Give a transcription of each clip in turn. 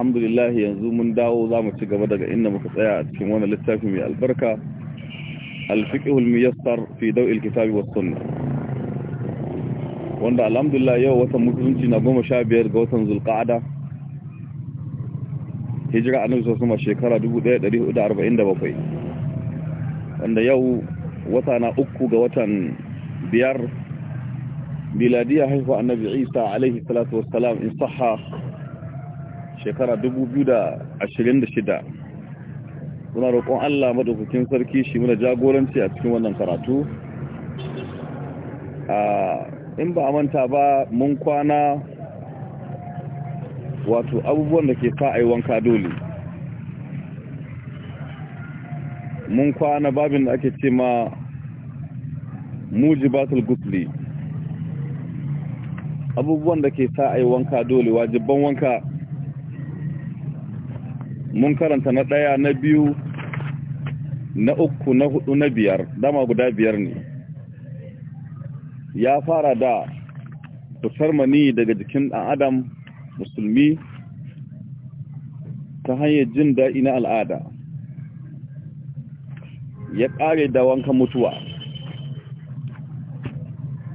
alhamdulillah yanzu mun dawo za mu ci gaba daga inda muka tsaya a cikin wani littafi mai albarka alfiƙihul miyassar fi dau'il kitabi wa sunna wanda alhamdulillah yau watan musulunci na goma sha biyar ga watan zulqa'ada hijira a sallallahu alaihi shekara 1447 wanda yau wata na uku ga watan biyar biladiya haifu annabi Isa alaihi salatu wassalam in sahha shekara 2026 muna roƙon Allah madaukakin sarki shi muna jagoranci a cikin wannan karatu in ba a manta ba mun kwana wato abubuwan da ke sa a yi wanka dole mun kwana babin da ake ce ma muji batul gusli abubuwan da ke sa a yi wanka dole wajibban wanka mun karanta na ɗaya na biyu na uku na hudu na biyar dama guda biyar ne ya fara da fitar mani daga jikin ɗan adam musulmi ta hanyar jin daɗi na al'ada ya ƙare da wanka mutuwa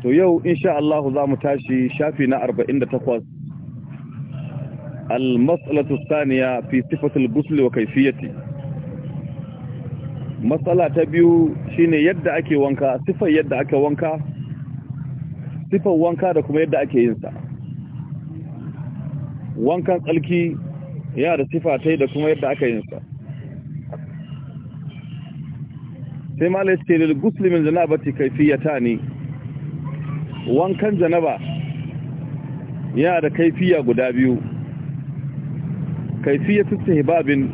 to yau insha Allah za mu tashi shafi na 48 المسألة الثانية في صفة الغسل وكيفيته مسألة تبيو شين يد أكي وانكا صفة يد أكي وانكا صفة وانكا دكما يد أكي ينسى وانكا قلكي يا da sifa ta yi da kuma yadda aka yin sa sai malai ce lil guslimin janabati kaifiyata ne wankan janaba yana da kaifiya guda biyu kaifiyatu istihbabin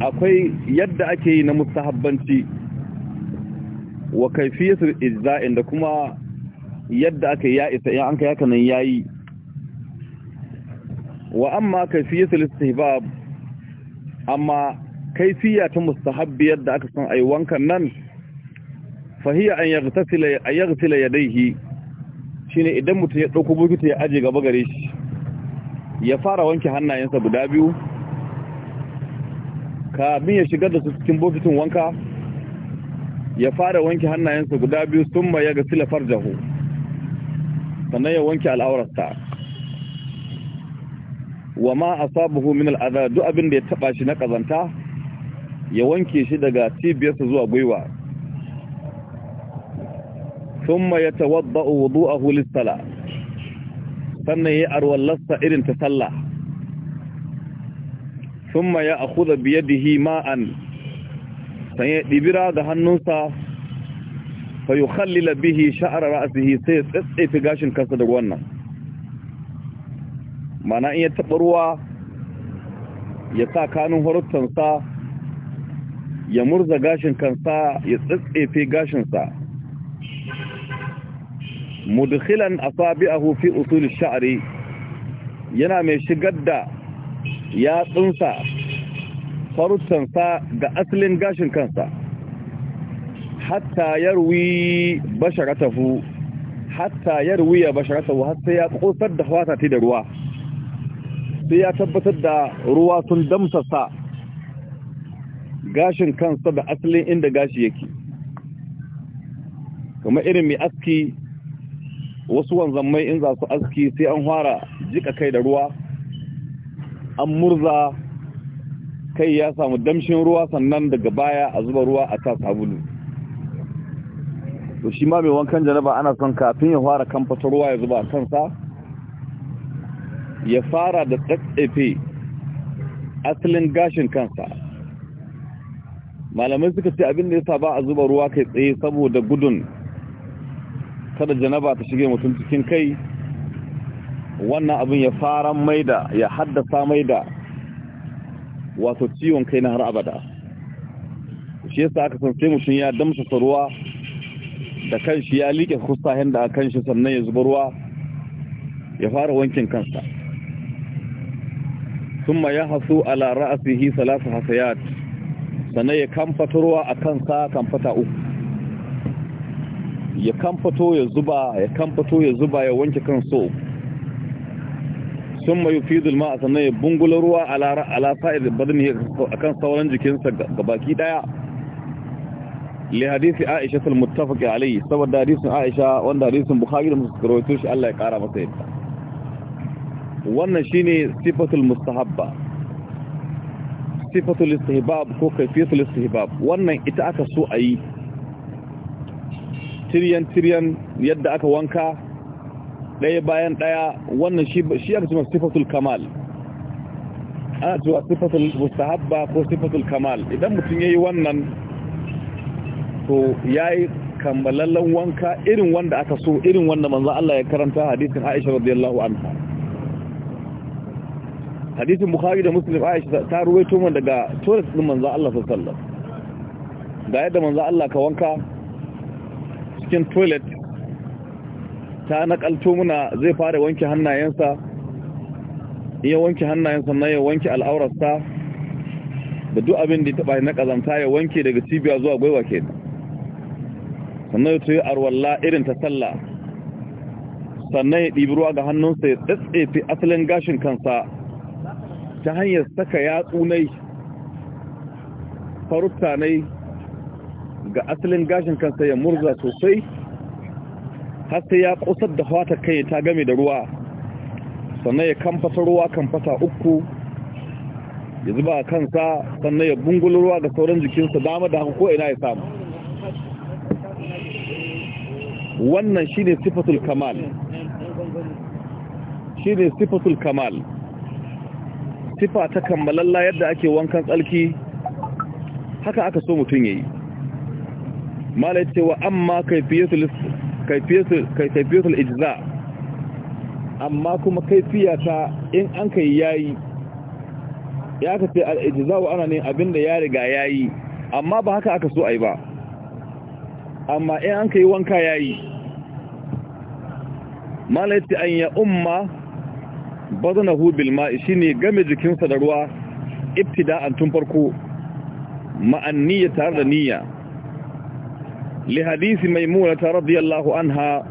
akwai yadda ake yi na mustahabbanci wa kaifiyatu izza'in da kuma yadda aka ya isa in an kai haka nan yayi wa amma kaifiyatu istihbab amma kaifiya ta mustahabbi yadda aka san ai wankan nan fahiya an yaghtasila ay yaghsila shi shine idan mutum ya dauko bukiti ya aje gaba gare shi ya fara wanke hannayensa guda biyu abin ya shigar da su cikin bokitin wanka ya fara wanke hannayensa guda biyu sun ma ga silafar jahu sannan ya wanke al'aurarsa wa ma a sabuhu min al'adar duk abin da ya taba shi na kazanta ya wanke shi daga cibiyarsa zuwa gwiwa sun ma ya wudu a hulistala sannan ya arwallarsa irin ta sallah thumma ya akhudha bi yadihi ma'an sai ya dibira da hannunsa fa yukhallila bihi sha'ra ra'sihi sai tsitsefi gashin kansa da wannan mana in ya taba ruwa ya sa kanun horuttansa ya murza gashin kansa ya tsitsefi gashinsa mudkhilan asabi'ahu fi usul ash-sha'ri yana mai shigar da ya tsunsa farutansa ga asalin gashin kansa hatta yarwi basharatahu hatta ya ya basharatahu har Hatta ya kosar da hawa ta da ruwa sai ya tabbatar da ruwa sun damsasa gashin kansa da asalin inda gashi yake kuma irin mai aski wasu wanzan mai in za su aski sai an fara jika kai da ruwa an murza kai ya samu damshin ruwa sannan daga baya a zuba ruwa a ta sabulu to shi ma mai wankan janaba ana son kafin ya fara kamfata ruwa ya zuba a kansa ya fara da tsatsefe asalin gashin kansa malamai suka ce abin da ya ba a zuba ruwa kai tsaye saboda gudun kada janaba ta shige mutum cikin kai wannan abin ya fara mai da ya haddasa mai da wato ciwon kai na har abada shi yasa aka san sai mutum ya damsa ruwa da kanshi ya liƙe kustahin da kan shi sannan ya zuba ruwa ya fara wankin kansa thumma yahsu ala ra'sihi salasa hasayat sannan ya kamfata ruwa a kansa kamfata uku ya kamfato ya zuba ya kamfato ya zuba ya wanke kansa uku sun mai fi zulma a sannan ya bungula ruwa ala sa'ir badani a kan sauran jikinsa ga baki daya li hadisi aisha sul muttafaqi alayhi saboda hadisin aisha wanda hadisin bukhari da muslim rawaito shi Allah ya kara masa yadda wannan shine sifatul mustahabba sifatul istihbab ko kayfiyatul istihbab wannan ita aka so ayi tiryan tiryan yadda aka wanka ɗaya bayan ɗaya wannan shi aka cewa sifatul kamal ana cewa sifatul mustahabba ko sifatul kamal idan mutum ya yi wannan to ya yi kammalallen wanka irin wanda aka so irin wanda manzan Allah ya karanta hadisin Aisha radiyallahu anha hadisin bukari da Muslim Aisha ta ruwaito mun daga toilet din manzan Allah sassallar da ga yadda manzan Allah ka wanka cikin toilet ta nakalto muna zai fara wanke hannayensa iya wanke hannayensa na ya wanke al'aurarsa da duk abin da ya taɓa na kazanta ya wanke daga cibiya zuwa gwaiwa ke sannan ya tuyi arwalla irin ta sallah sannan ya ɗibi ruwa ga hannunsa ya tsatsefi asalin gashin kansa ta hanyar saka yatsunai farutanai ga asalin gashin kansa ya murza sosai har sai ya kusar da ta kai ta game da ruwa sannan ya kamfata ruwa kamfata uku ya zuba a kansa sannan ya bungul ruwa ga sauran jikinsa dama da haka ko'ina ya samu wannan shi ne sifatul kamal shi ne sifatul kamal sifa ta kammalalla yadda ake wankan tsarki, haka aka so mutum ya yi mala ce wa amma kaifiyatul kaifiyatul ijza amma kuma kaifiya ta in an kai yayi ya ka ce al'ijiza wa ana ne abinda ya riga yayi amma ba haka aka so ayi ba amma in an kai wanka yayi malati an ya umma bazanahu bil ma'i shine game jikinsa da ruwa ibtida'an tun farko ma'an tare da niyya li hadisi maimuna ta radiyallahu anha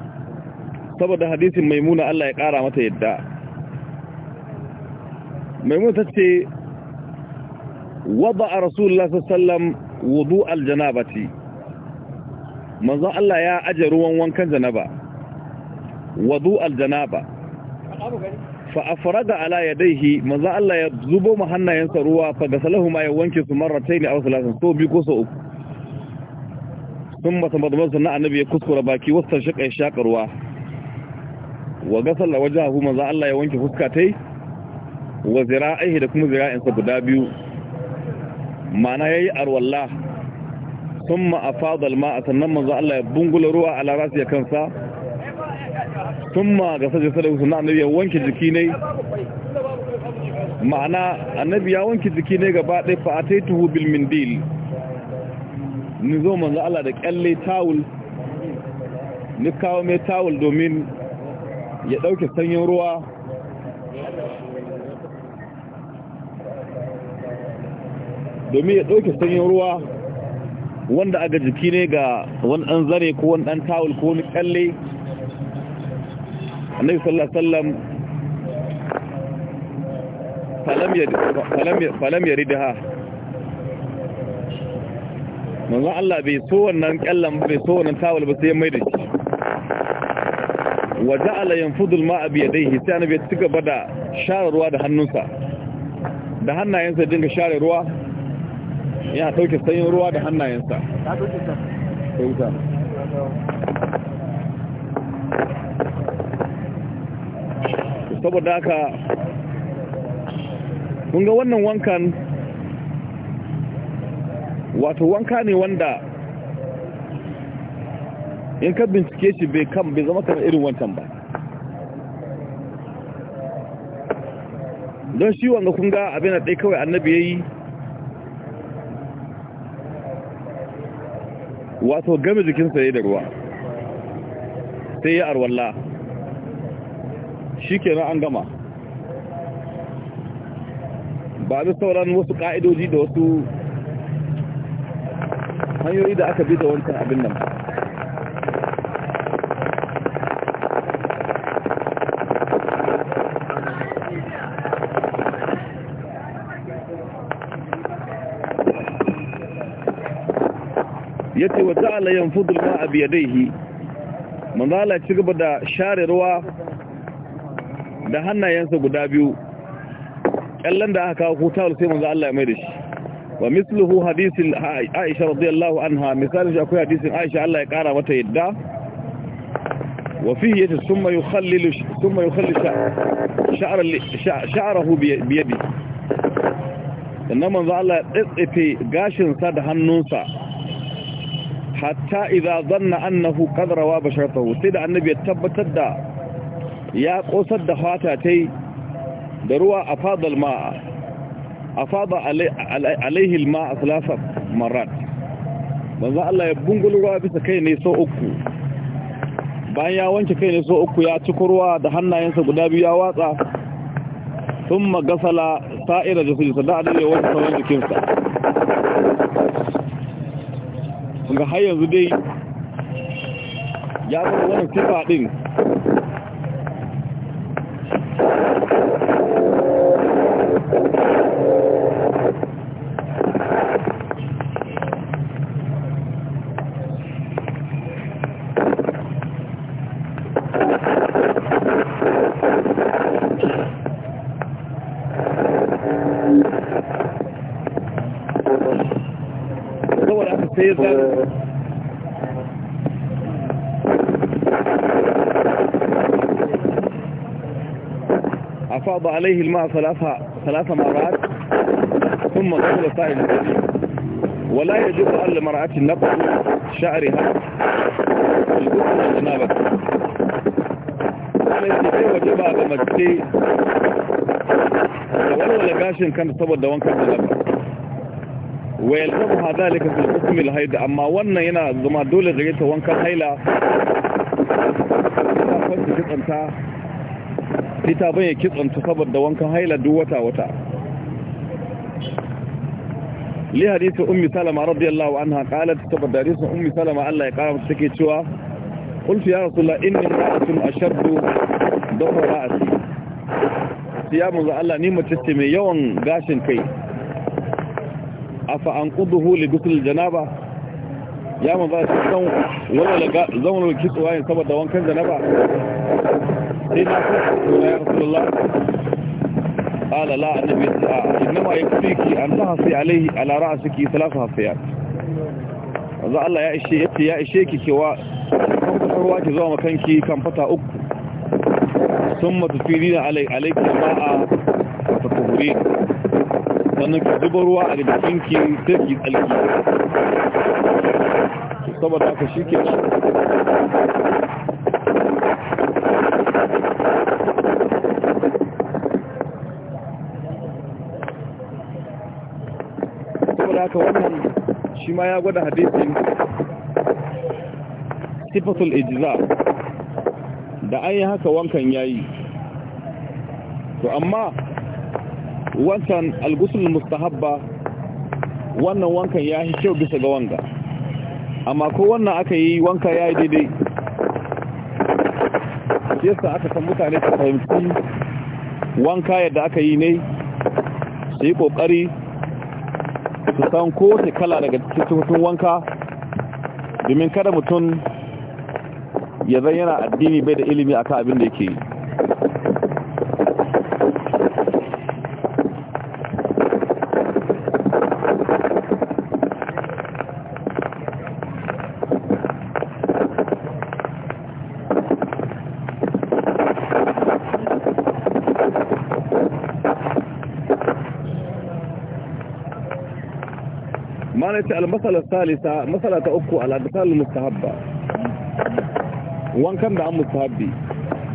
saboda hadisin maimuna Allah ya kara mata yadda maimuna ta ce wada rasulullah sallam wudu aljanabati manzo Allah ya aje ruwan wankan janaba wudu aljanaba fa afrada ala yadayhi manzo Allah ya zubo mu hannayensa ruwa fa gasalahu ma ya wanke su marratayn aw thalathan so bi ko so uku sun masa madamar sannan annabi ya kuskura baki wasan shaƙa ya shaƙarwa wa gasar da wajen hafu manzan Allah ya wanke fuska ta yi wa zira'aihi da kuma zira'insa guda biyu ma'ana ya yi arwallah sun ma a sannan manzan Allah ya bungula ruwa a larasi ya kansa sun ma gasar jasa da sannan annabi ya wanke jiki ne ma'ana annabi ya wanke jiki ne gaba ɗaya fa'ataitu bil mindil ni zo manzo Allah da kyalle tawul ni kawo mai tawul domin ya dauke sanyin ruwa domin ya dauke sanyin ruwa wanda aga jiki ne ga wani ɗan zare ko wani ɗan tawul ko wani kyalle annabi sallallahu alaihi wasallam falam ya falam ya ridaha manzon Allah bai so wannan kallan bai so wannan tawul ba sai mai da shi wa ja'ala yanfudu al-ma'a bi yadayhi sai annabi ya tuka bada share ruwa da hannunsa da hannayensa dinga share ruwa Ya dauke sanyin ruwa da hannayensa saboda haka kun ga wannan wankan wato wanka ne wanda in ka bincike shi bai kan bai zama kamar irin wancan ba don shi wanga kun ga abin da ɗai kawai annabi ya yi wato game jikinsa ya da ruwa sai ya arwalla shi kenan an gama ba da sauran wasu ƙa'idoji da wasu hanyoyi da aka bi da wancan abin nan ya ce wa ta'ala ya fudul ma a manzala ci gaba da share ruwa da hannayensa guda biyu ƙyallon da aka kawo ko tawul sai manzo Allah ya mai da shi wa misluhu hadisin aisha radiyallahu anha misalin shi akwai hadisin aisha Allah ya kara mata yadda wa fihi yace summa yukhallilu summa sha'ra sha'rahu bi yadi sannan manzo Allah ya tsitsefe gashin sa da hannunsa hatta idza zanna annahu qad rawa basharatahu sai da annabi ya tabbatar da ya kosar da fata tai da ruwa a fadal ma'a afada alaihi alma thalatha marat manzo Allah ya bungulu ruwa bisa kai ne so uku bayan ya wanke kai ne so uku ya ci kurwa da hannayensa guda biyu ya watsa thumma gasala sa'ira jasadi sada da ya sauran jikinsa ga har yanzu dai ya zama wannan sifa din فأفاض عليه الماء ثلاثة, ثلاثة مرات ثم قبل طائل ولا يجب أن لمرأة النبض شعرها القبل الجنابة ولا يجب أن يجب أن مجدي ولا لقاش إن كانت تبض دوان كبد النبض ويلزمها ذلك في القسم الهيد أما ونا هنا زمان دولي غيرت وانكا هيلا فقط جبتا sai ta bayyana kitsanta saboda wankan haila duk wata-wata li hadisi ummi salama radiyallahu anha qalat saboda hadisi ummi salama Allah ya kara take cewa qultu ya rasulullah inni ra'atun ashaddu dawra ra'si ya manzo Allah ni mace ce mai yawan gashin kai afa anquduhu li dukul janaba ya manzo Allah zan wala zan wala kitsuwa saboda wankan janaba يا رسول الله قال لا النبي آه، إنما يكفيك أن تحصي عليه على رأسك ثلاثة حصيات الله يا إشيكي يا إشيكي كما تحرواك زوى مكانك كم فتا أك ثم تفيدين علي عليك الماء وتطهرين وأنك زبروا على بكينك تركي الألكي طبعا تعكشيك يا رسول الله ma ya gwada hadisin sifatul ijza da an yi haka wankan yayi to amma wancan algusul mustahabba wannan wankan ya yi kyau bisa ga wanga amma ko wannan aka yi wanka ya yi daidai yasa aka san mutane ta fahimci wanka yadda aka yi ne su yi ƙoƙari su san kowace kala daga cikin wanka domin kada mutum ya zai yana addini bai da ilimi a akan abin da yake yi ماشي المسألة الثالثة مسألة أكو الأدخال المستهبة وان كان بعم مستهبي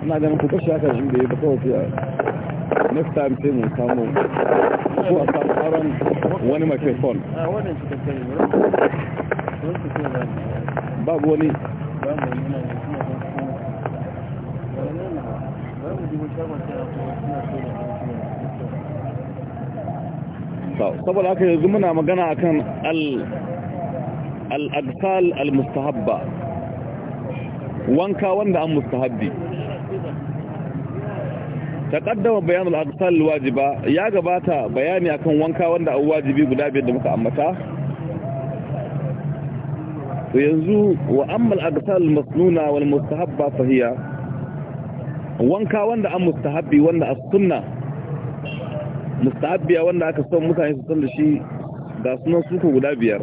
أنا أنا كنت أشياء عندي بطوط يا نفتا أمسين ونسامون أكو أصاب قرن واني مايكروفون آه، باب واني باب واني باب واني باب واني باب واني باب واني باب واني باب واني saboda haka yanzu muna magana akan al-aqsal al-mustahabba wanka wanda an mustahabbi taqaddama bayan al-aqsal wajiba ya gabata bayani akan wanka wanda an wajibi guda biyar da muka ambata to yanzu wa amma al-aqsal al-masnuna wal mustahabba fahiya wanka wanda an mustahabbi wanda as-sunnah mustahabbiya wanda aka son mutane su san da shi ga sunan suku guda biyar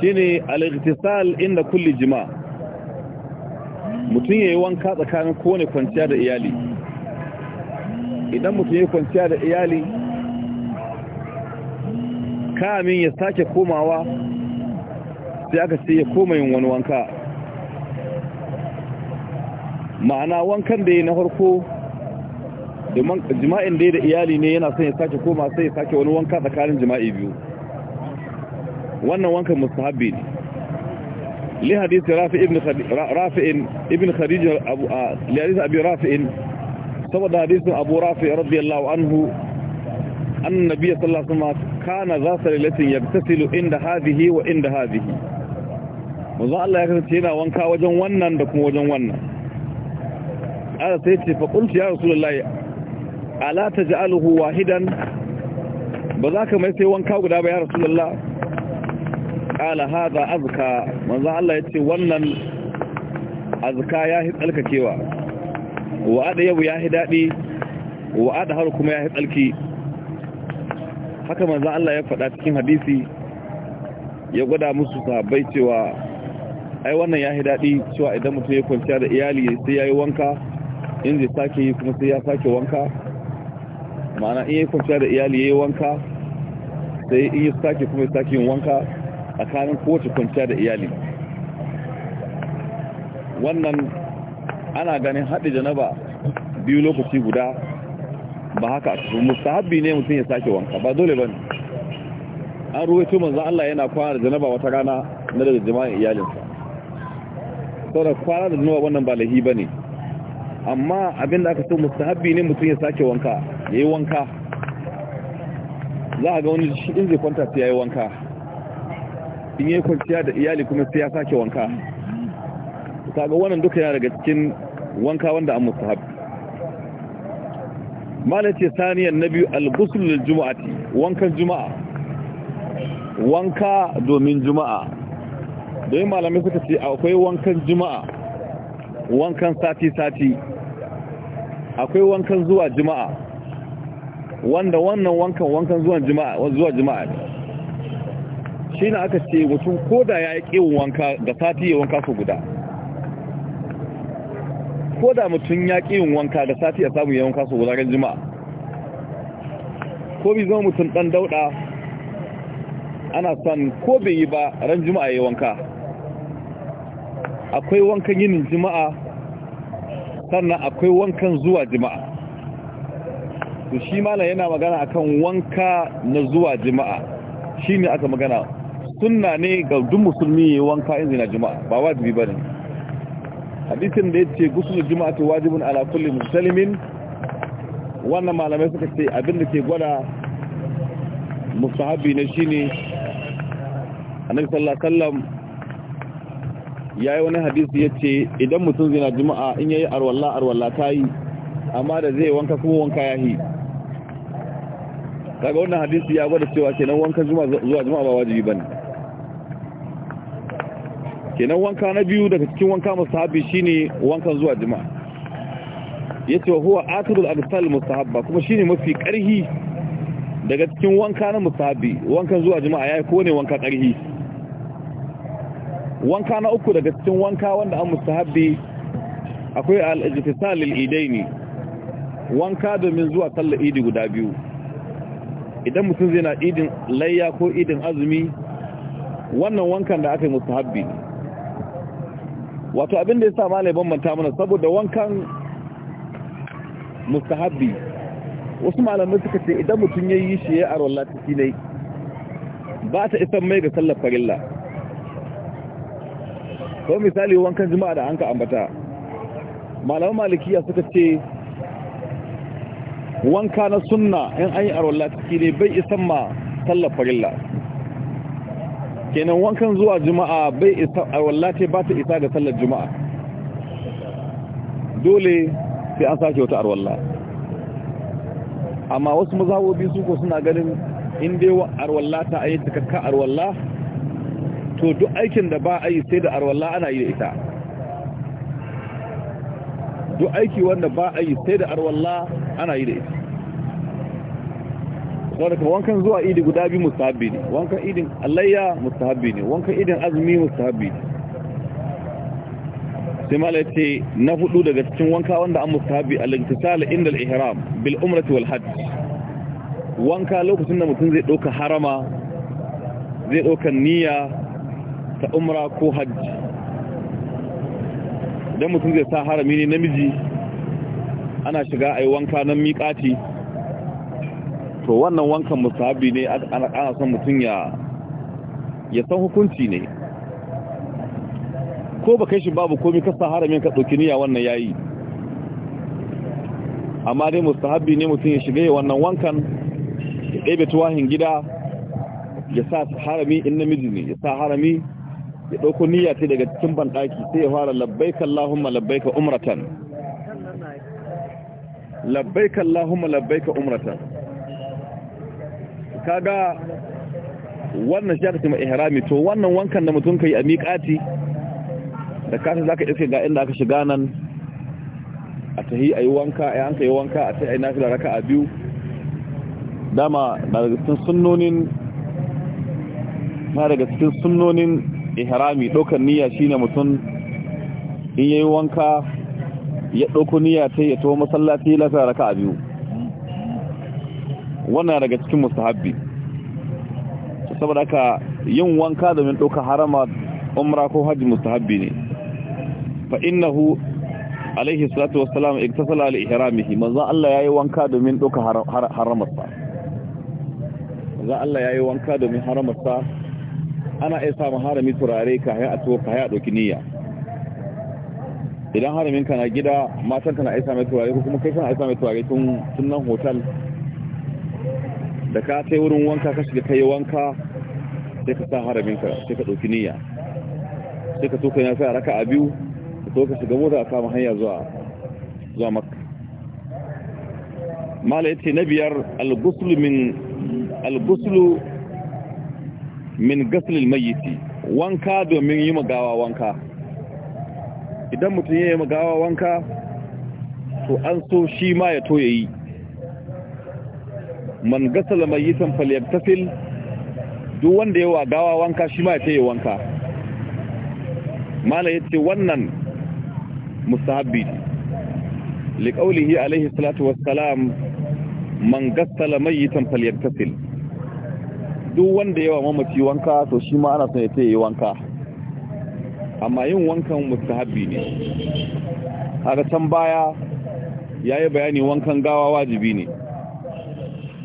shine al-ightisal inda kulli jima mutum yayi wanka tsakanin kowane kwanciya da iyali idan mutum yayi kwanciya da iyali kamin ya sake komawa sai aka ce ya koma yin wani wanka ma'ana wankan da ya na farko domin jima'in dai da iyali ne yana son ya sake koma sai ya sake wani wanka tsakanin jima'i biyu wannan wankan mustahabbi ne li hadisi rafi ibn rafi'in ibn kharij abu li hadisi abi rafi'in saboda hadisin abu rafi radiyallahu anhu anna nabiy sallallahu alaihi wasallam kana za salilatin yabtasilu inda hadhihi wa inda hadhihi manzo Allah ya kace yana wanka wajen wannan da kuma wajen wannan ala sai ce fa qultu ya rasulullahi ala ta ji alahu, wahidan ba za ka mai sai wanka guda ba ya rasulullah qala hadha azka manzan Allah ya ce wannan azka ya fi tsalkakewa wa yabu ya fi daɗi, wa haru kuma ya fi tsalki haka manzan Allah ya faɗa cikin hadisi ya gwada musu sahabbai cewa ai wannan ya fi daɗi, cewa idan mutum ya kwanciya da iyali sai ya yi wanka in ji sake yi kuma sai ya sake wanka ma'ana in yi kwanciya da iyali ya yi wanka sai in yi sake kuma ya sake yin wanka a kanin kowace kwanciya da iyali wannan ana ganin haɗe janaba biyu lokaci guda ba haka a cikin mustahabbi ne mutum ya sake wanka ba dole ba ne an ce manzan Allah yana kwana da janaba wata rana na da jama'in iyalinsa sau da kwana da janaba wannan ba lahi ba ne amma abinda aka so mustahabbi ne mutum ya sake wanka ya yi wanka za a ga wani shi in kwanta su ya yi wanka in yi kwanciya da iyali kuma sai ya sake wanka ta ga wannan duka yana daga cikin wanka wanda an musu haɓi malace saniyar na biyu algusulul Juma'a wankan juma'a wanka domin juma'a domin malamai suka ce akwai wankan juma'a wankan sati-sati akwai wankan zuwa juma'a wanda wannan wankan wankan zuwa jima'a zuwa jima'a shi na aka ce mutum ko da ya yi ƙewun wanka da sati ya wanka su guda ko da mutum ya ƙewun wanka da sati ya samu ya wanka su guda ran jima'a ko bi zama mutum ɗan dauɗa ana son ko bai yi ba ran jima'a ya wanka akwai wankan yinin jima'a sannan akwai wankan zuwa jima'a to shi mala yana magana akan wanka na zuwa jima'a ne aka magana sunna ne ga duk musulmi ya wanka in zina jima'a ba wajibi bane hadisin da yace gusul jima'a ta wajibun ala kulli muslimin wannan malamai suka ce abin da ke gwada musahabi ne ne, annabi sallallahu alaihi wasallam yayi wani hadisi yace idan mutum zina jima'a in yayi arwalla arwalla tayi amma da zai wanka kuma wanka yahi kaga wannan hadisi ya gwada cewa kenan wanka zuwa juma'a ba wajibi bane kenan wanka na biyu daga cikin wanka mustahabi shine wankan zuwa juma'a yace wa huwa akhirul abtal mustahabba kuma shine mafi karhi daga cikin wanka na mustahabi wankan zuwa juma'a yayi ko ne wanka karhi wanka na uku daga cikin wanka wanda an mustahabi akwai al-ijtisal lil idaini wanka domin zuwa sallar idi guda biyu idan mutum zai na idin layya ko idin azumi wannan wankan da aka yi musu habbi wato abin da ya sa malai bambanta mana saboda wankan mustahabbi wasu malamai suka ce idan mutum ya yi shi ya aron latisi ne ba ta isan mai ga sallar farilla ko misali wankan jima'a da an ka ambata Malamai malikiya suka ce wanka na sunna in an yi arwallah ciki ne bai isan ma sallar farilla kenan wankan zuwa juma'a bai isa arwallah ce ba ta isa ga tallar juma'a dole sai an sake wata arwallah amma wasu mazawobi su ko suna ganin inda yawan arwallah ta ayi takakka arwallah to duk aikin da ba a yi sai da arwallah ana yi da ita duk aiki wanda ba a yi sai da arwallah ana yi da ita saboda wankan zuwa idi guda biyu mustahabbi ne wankan idin alayya mustahabbi ne wankan idin azumi mustahabbi ne sai ma ce na hudu daga cikin wanka wanda an mustahabbi al-intisal inda al-ihram bil umrati wal hajj wanka lokacin da mutum zai doka harama zai doka niyya ta umra ko hajji, dan mutum zai sa harami ne namiji ana shiga a yi wanka nan miƙati to wannan wankan musabi ne ana son mutum ya san hukunci ne ko ba kai shi babu komi kasa haramin ka ɗauki niya wannan yayi amma dai musabi ne mutum ya shiga wannan wankan ya ɗebe tuwahin gida ya sa harami in namiji ne ya sa harami ya ɗauko niyya ce daga cikin banɗaki sai ya fara labbaika Allahumma labbaika umratan labbaika Allahumma labbaika umrata kaga wannan shi aka ce ihrami to wannan wankan da mutum kai a miƙati da kasa zaka iske ga inda aka shiga nan a tahi ayi wanka ayi an kai wanka a tahi ayi nafila raka'a biyu dama daga cikin sunnonin na daga cikin sunnonin ihrami ɗaukan niyya shine mutum in yayi wanka ya ɗauko niyya ta ya taho masallaci ya lafiya raka a biyu wannan daga cikin mustahabbi saboda ka yin wanka domin ɗauka harama umra ko hajji mustahabbi ne fa innahu alaihi salatu wassalam iktasala li ihramihi manzo Allah yayi wanka domin ɗauka haramarsa manzo Allah yayi wanka domin haramarsa ana iya samun harami turare ka haya a to ka hayya doki niyya idan harimin ka na gida matan ka na aisa mai turare ko kuma kai kana aisa mai turare tun tun nan hotel da ka sai wurin wanka ka shiga kai wanka sai ka sa harimin ka sai ka dauki niyya sai ka tuka yana sai raka a biyu ka tuka shiga mota a kama hanya zuwa zuwa makka mala yace na biyar al-ghusl min al-ghusl min ghusl al-mayyit wanka domin yi magawa wanka idan mutum ya yi magawa wanka to an so shi ma ya toye yi man gasa gasala mai yisan tafil. duk wanda ya wagawa wanka shi ma ya yi wanka mala ya ce wannan musahabi liƙaulihi alaihi salatu wassalam man gasa gasala mai yisan tafil. duk wanda yawa mamaci wanka to shi ma ana son ya yi wanka amma yin wankan mustahabi ne a can baya ya yi bayani wankan gawa wajibi ne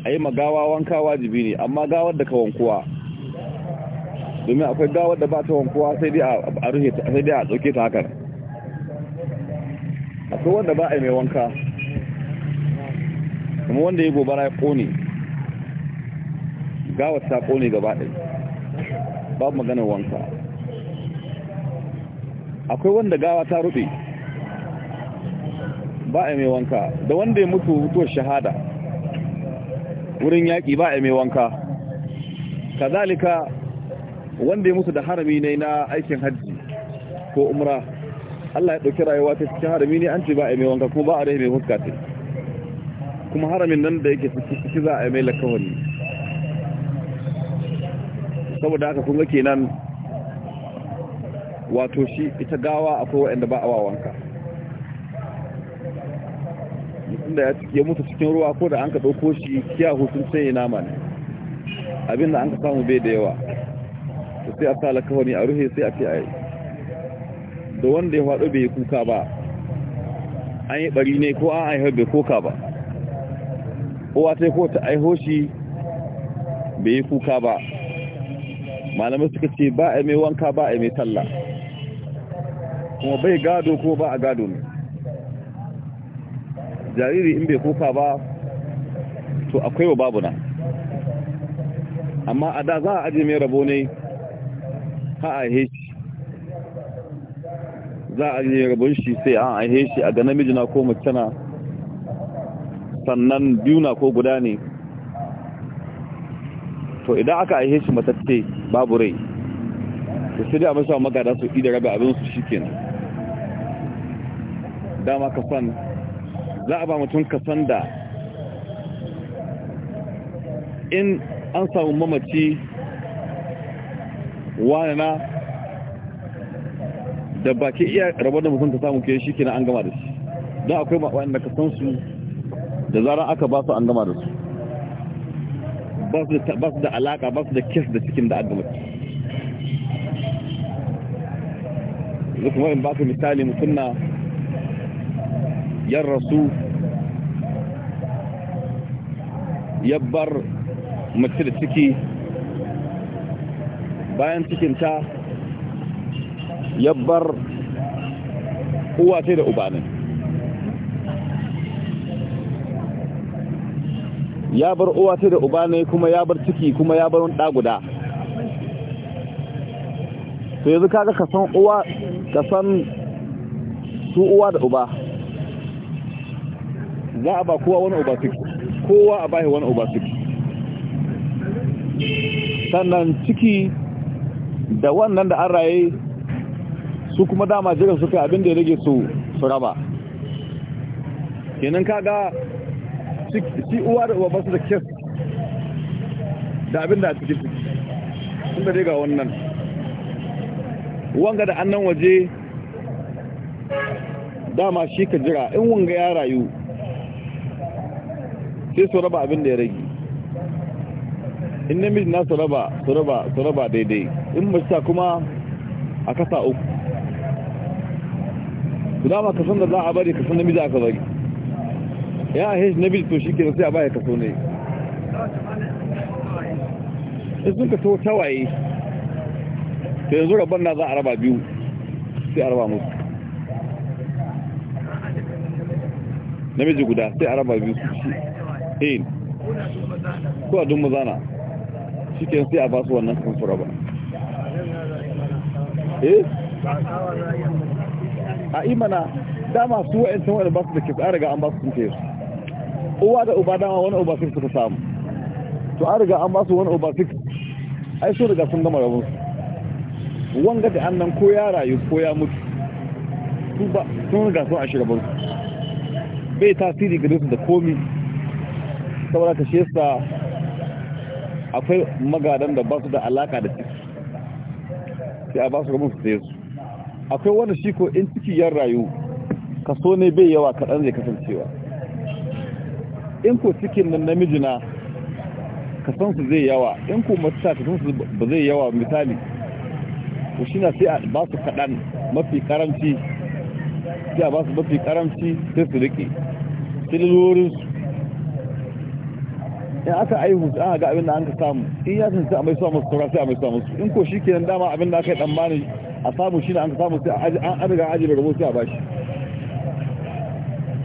a yi magawa wanka wajibi ne amma gawar da ka wankuwa domin akwai gawar da ba ta wankuwa sai dai a rufe sai dai a dauke ta hakan akwai wanda ba a yi mai wanka kuma wanda ya gobara ya kone gawar ta kone gaba ɗaya babu maganar wanka akwai wanda gawa ta rube ba a mai wanka da wanda ya mutu mutuwar shahada wurin yaƙi ba a mai wanka kazalika wanda ya mutu da harami ne na aikin hajji ko umra Allah ya ɗauki rayuwa ta cikin harami ne an ce ba a mai wanka kuma ba a rai mai huska ce kuma haramin nan da yake suke za a mai lakawani saboda haka kun ke nan. wato shi ita gawa akwai waɗanda ba a wa wanka da ya mutu cikin ruwa ko da an ka ɗauko shi kiyahu sun sai nama ne abin da an ka samu bai da yawa to sai a sa ne a ruhe sai a ce a yi da wanda ya faɗo bai kuka ba an yi ɓari ne ko an aihar bai koka ba uwa ta ko ta aiho shi bai yi kuka ba malamai suka ce ba a mai wanka ba a mai sallah kuma bai gado ko ba a gado ne jariri in bai kuka ba to akwai wa babu na amma a da za a ajiye mai rabo ne ha a heshi za a aje rabo shi sai an a heshi a ga namiji na ko mutana sannan biyu na ko guda ne to idan aka aihe shi matatte babu rai da sai da amsa magada su idara rabe abin su kenan dama ka san za a ba mutum ka san da in an samu mamaci wani na da ba ke iya rabon da mutum ka samu ke shi na an gama da shi don akwai da ka san su da zarar aka ba su an gama da su ba su da alaka ba su da kes da cikin da an gama da kuma in ba ka misali mutum na ya rasu ya bar mace da ciki bayan cikinta ya bar uwa ce da ubanin ya bar uwa ce da ubanin kuma ya bar ciki kuma ya bar wani guda to yanzu kaga kasan uwa kasan su uwa da uba za a ba kowa wani obasik kowa a bahi wani obasik sannan ciki da wannan da an raye su kuma dama jiran suka abinda ya rage su su raba kenan ga ci uwa da obasu da kes da abinda a cikin ciki sun da ga wannan wanga da annan waje dama shi ka jira in wanga ya rayu sai su raba abin da ya rage in namiji na su raba su raba su raba daidai in mace kuma a kasa uku su dama kasan da za a bari kasan namiji aka bari ya a na namiji to shi ke sai a baya kaso ne in sun kaso tawaye sai yanzu rabar na za a raba biyu sai a raba musu namiji guda sai a raba biyu eh ko a dumma zana shi ke sai a ba su wannan kan ba? eh a imana dama su sun wa'in ba su da ke tsara ga an ba su sun ke su uwa da uba dama wani uba su suka samu to a riga an ba su wani uba six ai su riga sun gama rabinsu wanga da annan ko ya rayu ko ya mutu sun riga sun a shirabinsu bai tasiri gare su da komi saboda ka shesta akwai magadan da ba su da alaka da ciki sai a ba su gaban su sai su akwai wani shi ko in ciki yan rayu ka so ne bai yawa kaɗan zai kasancewa in ko cikin nan namiji na su zai yawa in ko ka san su ba zai yawa misali ko shi na sai a ba su kaɗan mafi karanci sai a ba su mafi karanci sai su riƙe sai in aka aihu aka ga abin da an ka samu in ya tunta a mai suwa musu tura sai a mai musu in ko shi kenan dama abin da aka yi tsammani a samu shi ne an ka samu sai an riga aji da rabo a bashi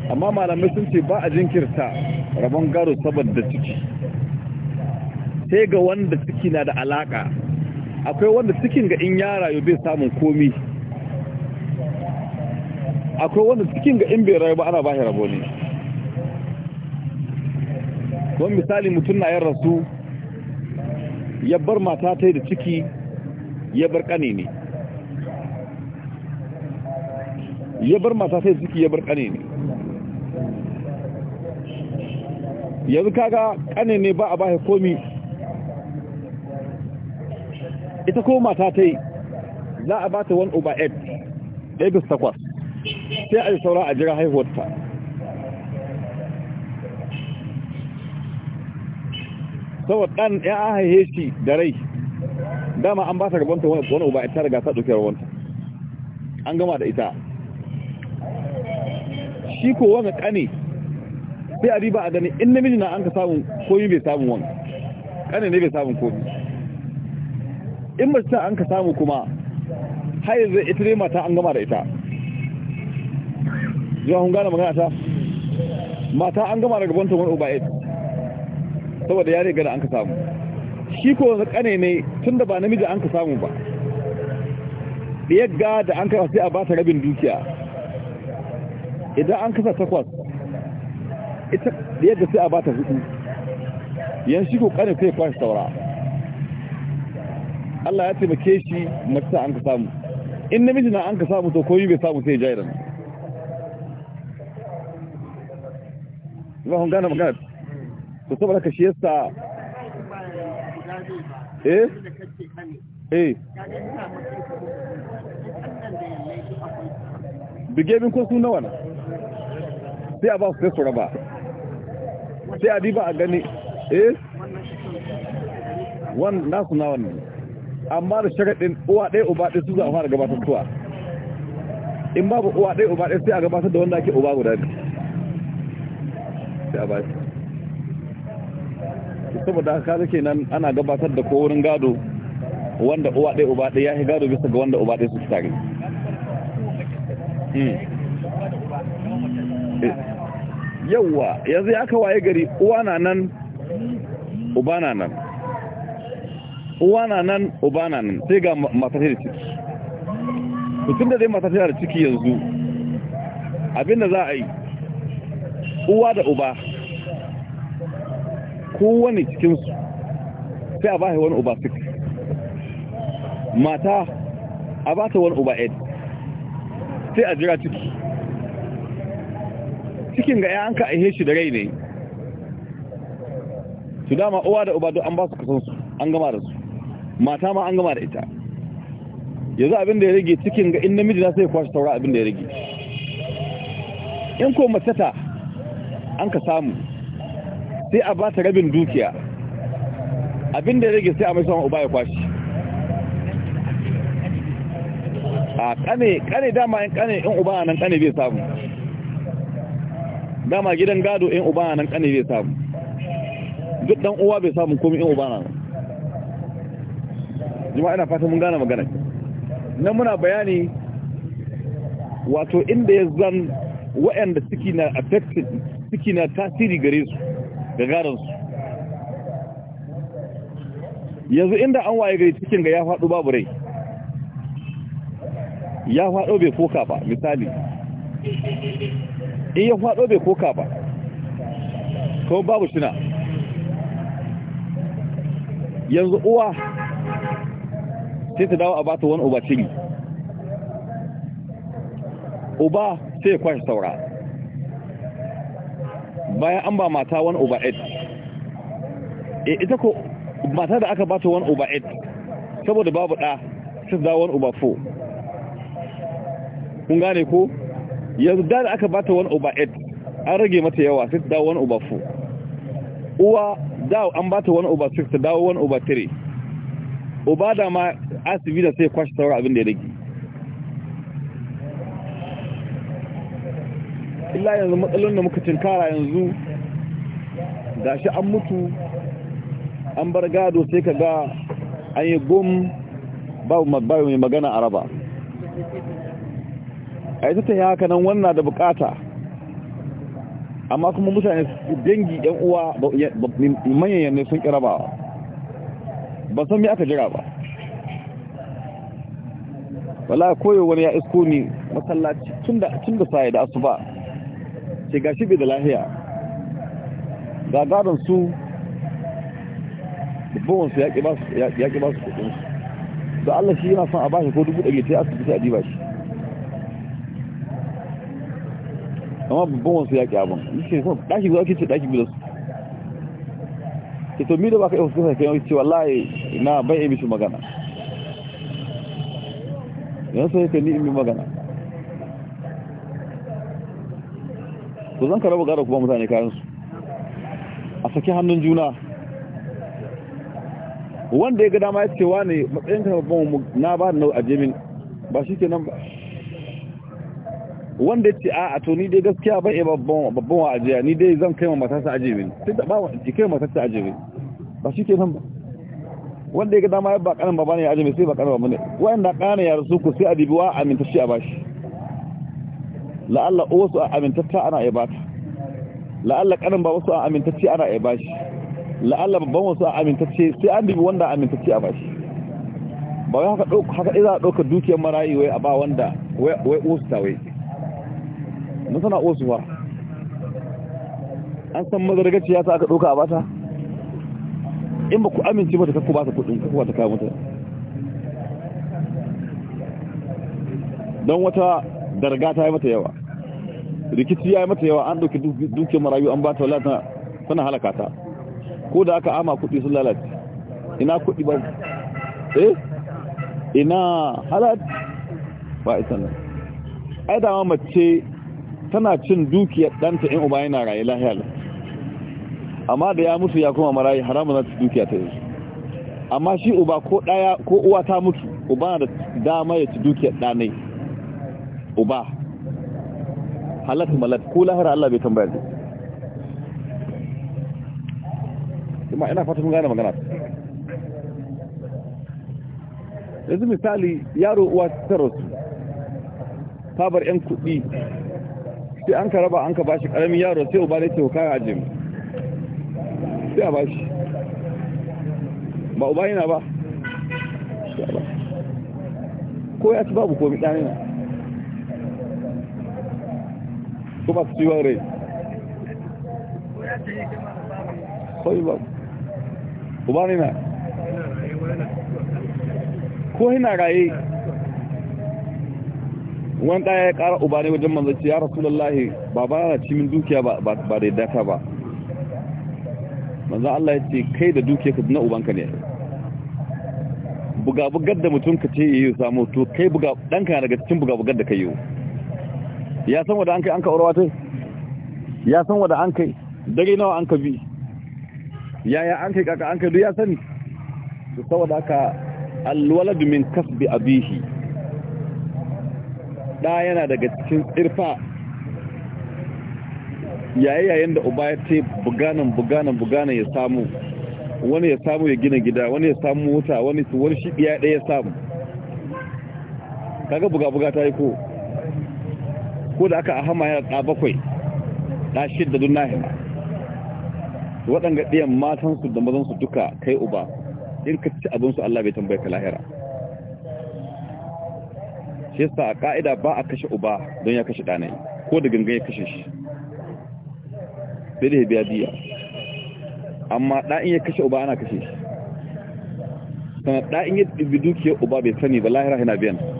amma malamai sun ce ba a jinkirta rabon gado saboda ciki sai ga wanda ciki na da alaka akwai wanda cikin ga in ya rayu bai samun komi akwai wanda cikin ga in bai rayu ba ana bashi rabo ne don misali mutum na yin rasu ya bar mata ta da ciki ya bar kane ne ya bar mata ta da ciki ya bar kane ne yanzu kaga kane ne ba a ba komi ita ko mata ta yi za a ba ta 1 over 8 8 takwas sai a yi saura a jira haihuwarta saboda dan ya ahaye shi da rai dama an ba ta rabonta wani uba ita riga ta ɗauki wanta, an gama da ita shi ko wanga ƙane sai a riba a gani in namiji na an ka samun komi bai samun wani ƙane ne bai samun komi in mace ta an ka samu kuma har zai ita ne mata an gama da ita zuwa hun gane magana ta mata an gama da gabanta wani uba ita saboda yare gana an ka samu shi ko wanzu kane ne tun da ba namiji an ka samu ba ga da an ka sai a ba ta rabin dukiya idan an kasa takwas ita ɗiyagga sai a ba ta hudu yan shi ko kane sai kwashi saura Allah ya taimake shi mace an ka samu in namiji na an ka samu to koyi bai samu sai jairan ba hun gane magana to saboda ka shi yasa eh eh bige min ko sun nawa na sai a ba su sai su raba sai a diba a gani eh wannan nasu na wannan amma da sharaɗin uwa ɗaya uba ɗaya su za a fara gabatar tuwa in babu uwa ɗaya uba ɗaya sai a gabatar da wanda ake uba guda biyu sai a ba shi saboda haka zake nan ana gabatar da kowurin gado wanda uwa ɗaya uba ɗaya ya gado bisa ga wanda uba ɗaya su tare hmm. eh. Yauwa yanzu ya waye gari uwa na nan uba na nan uwa na nan uba na nan sai ga matashi da ciki mutum da zai matashi da ciki yanzu abinda za a yi uwa da uba kowane cikinsu sai a ba wani uba 6 mata a ba ta wani uba Ed sai a jira ciki cikin ga yanka a ihe shi da rai ne su dama uwa da uba don an ba su kasansu an gama da su mata ma an gama da ita yanzu abin da ya rage cikin ga in namiji na sai kwashe taura abin da ya rage in ko matata an ka samu sai a ba ta rabin dukiya abin da rage sai a mai son uba ya kwashi a kane kane dama yin kane yin uba nan kane bai samu dama gidan gado yin uba nan kane bai samu duk dan uwa bai samu komai yin uba nan jama'a ina fata mun gane magana nan muna bayani wato inda ya zan wa'anda suke na affected suke na tasiri gare su ga yanzu inda an waye gari cikin ga ya faɗo babu rai ya faɗo bai koka ba misali in ya faɗo bai koka ba kuma babu shina yanzu uwa sai ta dawo a bata wani uba cini uba sai ya kwashe saura bayan an ba mata 1 over e ita ko mata da aka bata 1 saboda babu ɗa sai da 1 4 kun gane ko yanzu da aka bata 1 an rage mata yawa sai da 1 4 uwa da an bata 1 6 da wani 1 3 uba da ma asibi da sai kwashe saura abin da ya rage illa yanzu matsalolin da muka cinkara yanzu shi an mutu an bar gado sai ka ga an yi gom babu mai magana raba a yi ta yi haka nan wannan da bukata amma kuma mutane su dangi yan uwa manyan yanayi sun kira ba ba san me aka jira ba wala koyo wani ya isko ni masallaci tun da saye da asuba ce gashi bai da lahiya ga gadon su buwan su ya ƙi ba su kudin su da Allah shi yana son a bashi ko dubu ɗage ta yi asibiti a diba shi amma buwan su ya ƙi abin yi ce son ɗaki guda ce ɗaki biyu su ke to mi da ba ka yi wasu kusa yi cewa la'ayi na bai yi mishi magana yanzu sai ka ni in magana to zan ka raba gara kuma mutane kayansu a saki hannun juna wanda ya ga dama ya cewa ne matsayin ka babban na ba da nau a jemin ba shi ke nan ba wanda ya ce a a to ni dai gaskiya ban iya babban wa ajiya ni dai zan kai ma matarsa a mini sai da ba ci kai matarsa a jemin ba shi ke nan ba wanda ya ga dama ya ba kanan baba ne ya ajiye sai ba kanan baba ne wanda kana ya rasu ku sai a dibi wa amintacci a bashi la'alla wasu amintacce ana iya bata la'alla kanin ba wasu amintacce ana iya bashi la'alla babban wasu amintacce sai an dubi wanda amintacce a bashi ba wai haka dauka haka idan a dauka dukiyar marayi wai a ba wanda wai wasu wai mun sana wasu ba an san mazargaci ya sa aka ɗauka a bata in ba ku amince mata kakku ba ta kudin kakku ba ta kawo mata don wata darga ta yi mata yawa rikici ya yi mata yawa an ɗauki dukiyar marayu an ba ta wala tana halaka ta ko da aka ama kuɗi sun lalace ina kuɗi ba eh ina halat ba ita nan ai dama mace tana cin dukiyar ɗanta in uba yana raye lahiyar amma da ya mutu ya kuma marayi haramun na dukiya ta yi amma shi uba ko uwa ta mutu uba da dama ya ci dukiyar ɗanai uba halak malak ko lahira Allah bai tambaya ne kuma ina fata mun gane magana yanzu misali yaro uwa ta su ta bar yan kuɗi sai an ka raba an ka bashi ƙaramin yaro sai uba ne ce ka a ajiye sai a bashi ba uba yana ba ko ya ci babu komi ɗanina ko masu ciwon rai kawai ba uba ne na ko hina raye wani ɗaya ya ƙara uba ne wajen manzanci ya rasu lallahi ba ba na cimin dukiya ba da data ba manzan Allah ya ce kai da dukiya ka zina ubanka ne buga-bugar da mutum ka ce yi samu to kai buga ɗanka daga cikin buga-bugar da ka yi ya san wada an kai an ka urwa tai ya san wada an kai dare nawa an ka bi yaya an kai kaka an kai duk ya sani to saboda haka alwaladu min kasbi abihi da yana daga cikin tsirfa yayin da uba ya ce buganan buganan buganan ya samu wani ya samu ya gina gida wani ya samu wuta wani su wani shi ɗaya ɗaya ya samu kaga buga-buga ta yi ko ko da aka a hama yana ɗa bakwai ɗa shidda don nahima waɗanga ɗiyan matansu da mazansu duka kai uba in ka ci abinsu Allah bai tambaye ka lahira shi yasa a ka'ida ba a kashe uba don ya kashe ɗanai ko da ganga ya kashe shi sai da ya biya biya amma ɗa'in ya kashe uba ana kashe shi sana ɗa'in ya ɗibi dukiyar uba bai sani ba lahira yana biyan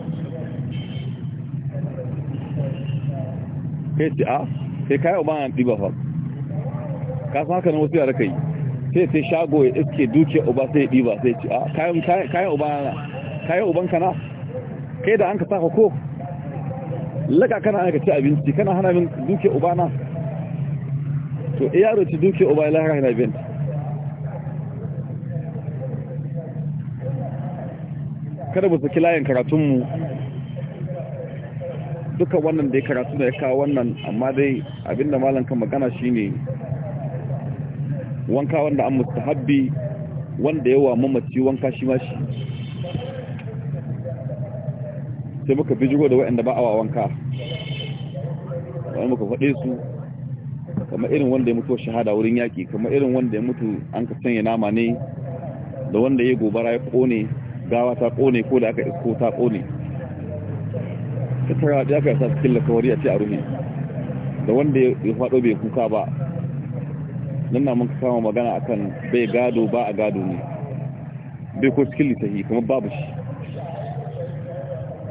kai ce a sai kayan ba an ɗiba fa san haka na wasu yara kai sai sai shago ya iske dukiya uba sai ya ɗiba sai ce a kayan uba na kayan uban kana kai da an ka saka ko laka kana aka ci abinci kana hana min dukiya uba na to yaro ci dukiya uba ya lahara hana abinci kada mu saki layin karatunmu duka wannan da ya karatu da ya kawo wannan amma dai abinda malam kan magana shine wanka wanda an mustahabbi wanda yawa mamaci wanka shi ma shi sai muka bijigo da waɗanda ba awa wanka wani muka faɗe su kama irin wanda ya mutu shahada wurin yaƙi kama irin wanda ya mutu an ka sanya nama ne da wanda ya gobara ya ƙone gawa ta ƙone ko da aka isko ta ƙone ta tara da aka su cikin lakawari a ce a rumi da wanda ya faɗo bai kuka ba nan na muka kama magana akan bai gado ba a gado ne bai ko cikin littafi kuma babu shi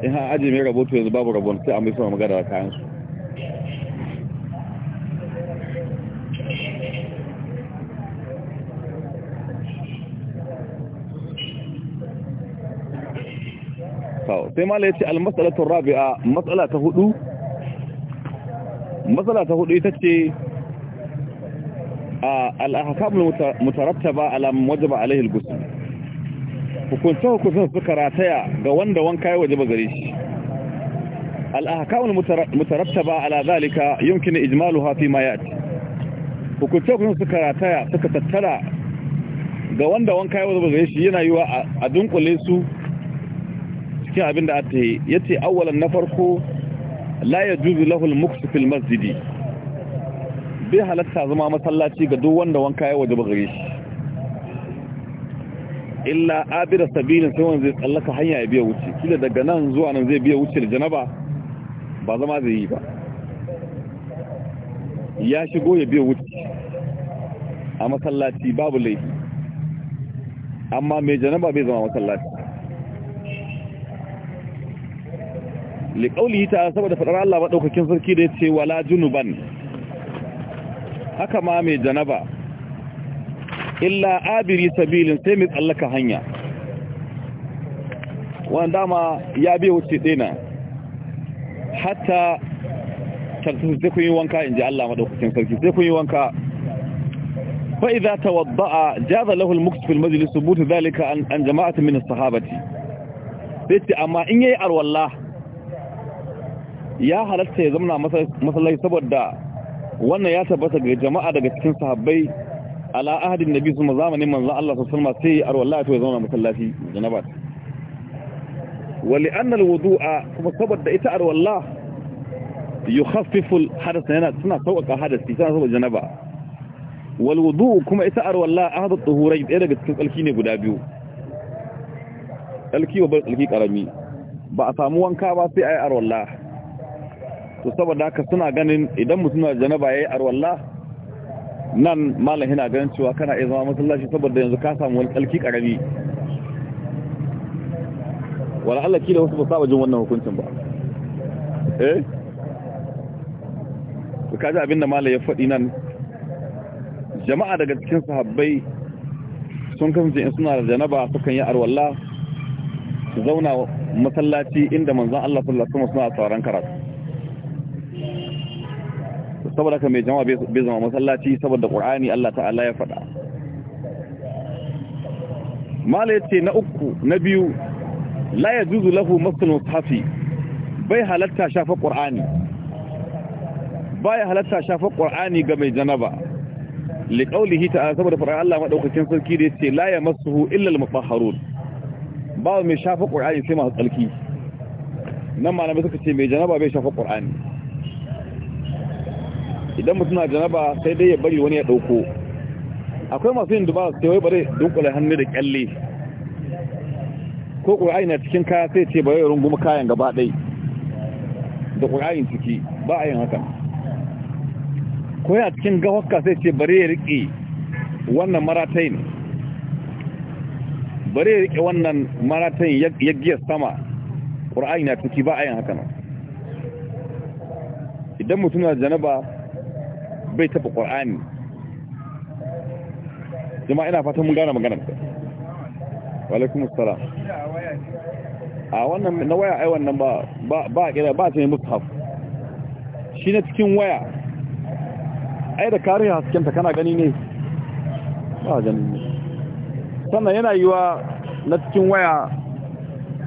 in ha aji mai raboto yanzu babu rabon sai a mai sama magana da kayansu sai mala yace al-mas'alatu rabi'a matsala ta hudu Matsala ta hudu ita ce al-ahkam al-mutarattaba ala wajaba alayhi al-ghusl hukunta hukunta suka rataya ga wanda wanka ya wajaba gare shi al-ahkam al-mutarattaba ala zalika yankin ijmaluha fi ma ya'ti hukunta hukunta suka rataya suka tattara ga wanda wanka ya wajaba gare shi yana yiwa a dunkule su cikin abin da ake yi ya ce awalan na farko la ya juzu lahul muksu fil masjidi bai halatta zama masallaci ga duk wanda wanka ya waje bagare shi illa abida sabilin sai wanda zai tsallaka hanya ya biya wuce kila daga nan zuwa nan zai biya wuce da janaba ba zama zai yi ba ya shigo ya biya wuce a masallaci babu laifi amma mai janaba bai zama masallaci liƙauli ta saboda faɗar Allah maɗaukakin sarki da ya ce wala junuban haka ma mai janaba illa abiri sabilin sai mai tsallaka hanya wani dama ya biya wuce ɗina hatta tartasu sai kun yi wanka in ji Allah maɗaukakin sarki sai kun yi wanka fa'iza ta wadda'a jaza lahul muksufin majalis subutu zalika an jama'atin min sahabati sai ce amma in yayi arwallah ya halatta ya zamana masallaci saboda wannan ya tabbata ga jama'a daga cikin sahabbai ala ahadin nabi su zamanin manzon Allah sallallahu alaihi wasallam sai arwalla to ya zauna masallaci janabat wali annal wudu'a kuma saboda ita arwalla yukhaffifu alhadath yana suna sauƙaƙa hadasi suna saboda janaba wal kuma ita arwalla ahadu tuhurai ɗaya daga cikin tsalki ne guda biyu tsalki babban tsalki karami ba a samu wanka ba sai ayi arwalla to saboda haka suna ganin idan mutum na janaba yayi arwalla nan malam yana ganin cewa kana iya zama masallaci saboda yanzu ka samu wani tsalki karami wala Allah kila wasu ba saba jin wannan hukuncin ba eh to kaji da malam ya faɗi nan jama'a daga cikin sahabbai sun kasance in suna da janaba sukan yi arwalla su zauna masallaci inda manzon Allah sallallahu alaihi wasallam suna tsaron karatu saboda ka mai jama'a bai zama masallaci saboda ƙur'ani Allah ta'ala ya faɗa mala ya ce na uku na biyu la ya juzu lahu maskalin tafi bai halatta shafa ƙur'ani bai halatta shafa ƙur'ani ga mai janaba liƙaulihi ta'ala saboda faɗa Allah maɗaukakin sarki da ya ce la ya masuhu illal mutahharun ba mai shafa ƙur'ani sai masu tsarki nan malamai suka ce mai janaba bai shafa ƙur'ani idan mutum na janaba sai dai ya bari wani ya dauko akwai masu yin dubawa sai wai bare dunkula hannu da kyalle ko qur'ani na cikin kaya sai ce bare rungumi kayan gaba ɗai da qur'ani ciki ba a yin haka ko yana cikin gawakka sai ce bare ya riƙe wannan ne. bare ya riƙe wannan maratai ya giya sama qur'ani na ciki ba a yin haka idan mutum na janaba bai taɓa ƙwa'ani jama ina fatan mun gane maganar ta walaikun musara a wannan na waya ai wannan ba ba a kira ba ta yi mushaf shi na cikin waya ai da kare haskenta kana gani ne ba gani ne sannan yana yi wa na cikin waya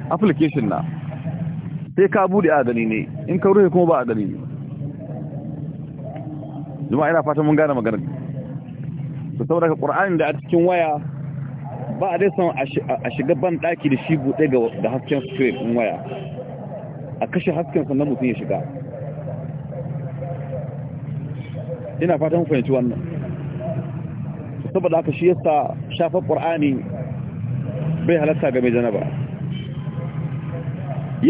application na sai ka bude a gani ne in ka rufe kuma ba a gani ne jama'a ina fatan mun gane maganar to saboda ka qur'anin da a cikin waya ba a dai son a shiga ban daki da shi bude ga da hasken screen din waya a kashe hasken sannan mutum ya shiga ina fatan fahimci wannan saboda haka shi yasa shafar qur'ani bai halatta ga mai janaba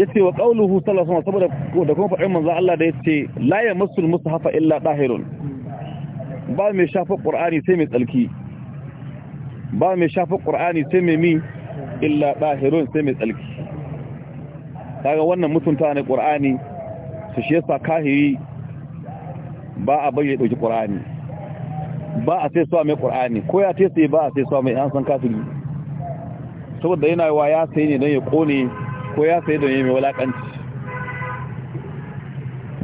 yace wa qawluhu sallallahu alaihi wasallam saboda da kuma faɗin za' Allah da yace la yamassul mushafa illa ɗahirun. ba mai shafa ƙur'ani sai mai tsalki ba mai shafa ƙur'ani sai mai mi illa ɗahirun sai mai tsalki daga wannan mutunta ne ƙur'ani su shi yasa kahiri ba a bayyana ɗauki ƙur'ani ba a sai suwa mai ƙur'ani ko ya te sai ba a sai suwa mai yan san kafiri saboda yana wa ya sai ne don ya ƙone ko ya sai don ya mai walaƙanci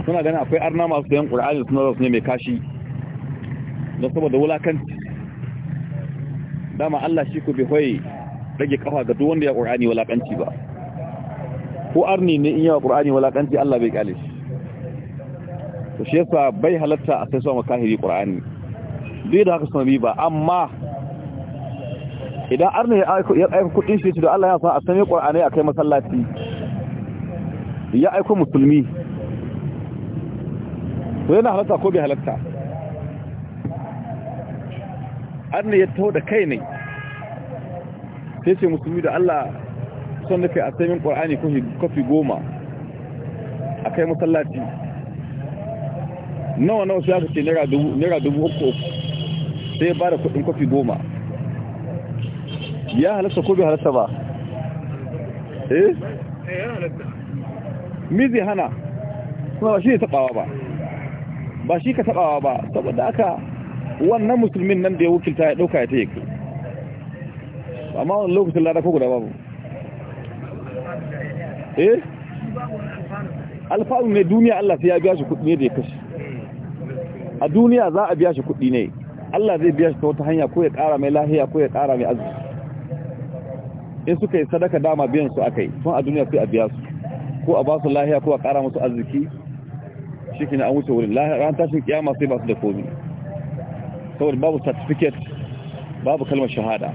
suna ganin akwai arna masu sayan ƙur'ani suna zasu ne mai kashi don saboda wulakanci dama Allah shi ku bai hoye rage kafa ga duk wanda ya ƙorani wulakanci ba ko arni ne in yawa ƙur'ani wulakanci Allah bai kyale shi to shi yasa bai halatta a sai sama kahiri ƙur'ani duk da haka sama bi ba amma idan arni ya aika kudin shi da Allah ya sa a sami ƙur'ani a kai masallaci ya aiko musulmi to yana halatta ko bai halatta an ya taho da kai ne sai ce musulmi da Allah son nufi kai a saimin ƙwar'ani kofi goma a kai matsalaci nawa nawa su ya ce naira dubu uku sai ba da kudin kofi goma ya halasta ko bai halasta ba eh? eh zai hana kuma ba shi ne taɓawa ba ba shi ka taɓawa ba saboda aka wannan musulmin nan da ya wukilta ya ɗauka ya ta yake amma wani lokacin lada ko guda babu eh alfa'un ne duniya Allah sai ya biya shi kuɗi ne da ya kashi a duniya za a biya shi kuɗi ne Allah zai biya shi ta wata hanya ko ya ƙara mai lahiya ko ya ƙara mai arziki in suka yi sadaka dama biyan su aka yi tun a duniya sai a biya su ko a ba su lahiya ko a ƙara musu arziki shi an wuce wurin ran tashin kiyama sai ba su da komi تقول باب التاتفكت باب كلمة شهادة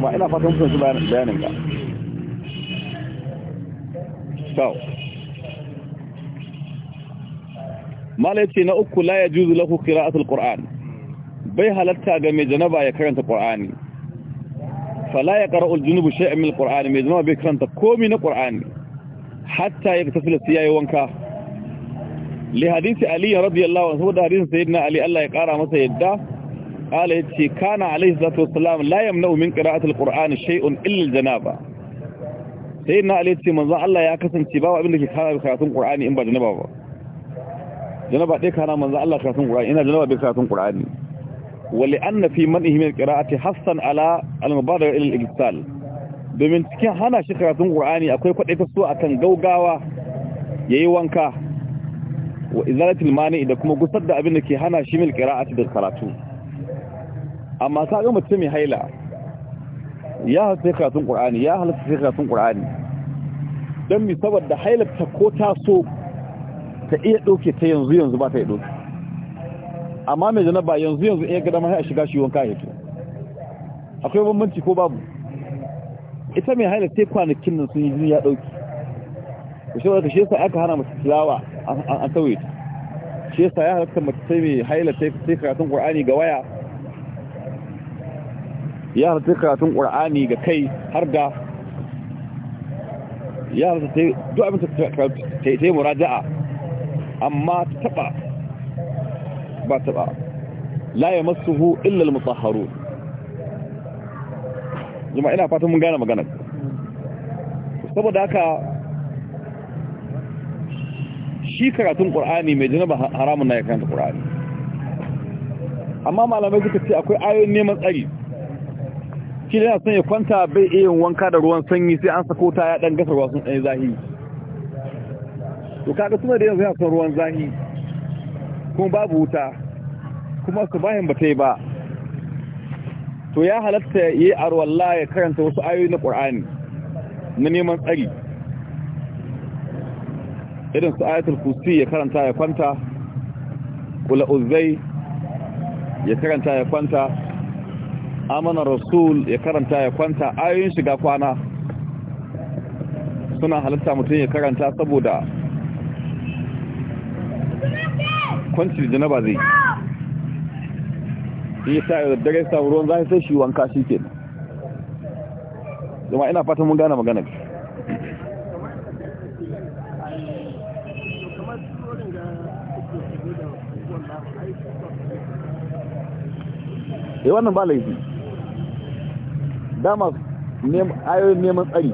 ما إلا فاتح ممكن سبعين بيانين طيب. بقى شو ما ليتين أكو لا يجوز له قراءة القرآن بيها لتاقى مجنبا يكرنت القرآن فلا يقرأ الجنوب شيئا من القرآن مجنبا يكرنت كومين القرآن حتى يكتفل السياء وانكا li hadisi ali radiyallahu anhu da hadisi sayyidina ali Allah ya kara masa yadda qala yace kana alayhi salatu wassalam la yamna'u min qira'ati alqur'ani shay'un illa aljanaba sayyidina ali yace manzo Allah ya kasance ba abin da ke kara karatun qur'ani in ba janaba ba janaba dai kana manzo Allah karatun qur'ani ina janaba bai karatun qur'ani wali anna fi man'ihi min qira'ati hasan ala al-mubadara ila al-iqsal domin cikin hana shi karatun qur'ani akwai kwadai ta so akan gaugawa yayi wanka wa izalatul mani da kuma gusar da abin da ke hana shi mil qira'ati da karatu amma ka ga mutum mai haila ya halsa karatun qur'ani ya halsa karatun qur'ani dan mi saboda haila ta ko ta so ta iya doke ta yanzu yanzu ba ta iya doke amma mai janaba yanzu yanzu iya gada mai shiga shi wanka ya akwai bambanci ko babu ita mai haila sai kwanakin nan sun yi jini ya dauki ko shi wadda shi yasa aka hana masu tilawa an sauye ta shi yasa ya halatta mace sai mai haila sai karatun ƙwar'ani ga waya ya halatta karatun ƙwar'ani ga kai har da ya halatta sai duk abin ta yi muraja'a amma ta taɓa ba taɓa la ya hu illal mutahharu jama'a ina fatan mun gane maganar saboda haka shi karatun ƙur'ani mai janaba haramun na ya karanta ƙur'ani amma malamai suka ce akwai ayoyin neman tsari shi da yana son ya kwanta bai iya wanka da ruwan sanyi sai an sako ta ya ɗan gasa ruwa sun ɗanyi zahi to kaga suna da yanzu yana son ruwan zahi kuma babu wuta kuma su bayan ba ta yi ba to ya halatta ya yi arwallah ya karanta wasu ayoyi na ƙur'ani na neman tsari irin su ayatul kursi ya karanta ya kwanta kula uzai ya karanta ya kwanta amana rasul ya karanta ya kwanta ayoyin shiga kwana suna halitta mutum ya karanta saboda kwanci ba zai yi sa yi da dare samu ruwan yi sai shi wanka shi ke zama ina fatan mun gane magana yi eh, wannan ba laifi dama ayoyin neman tsari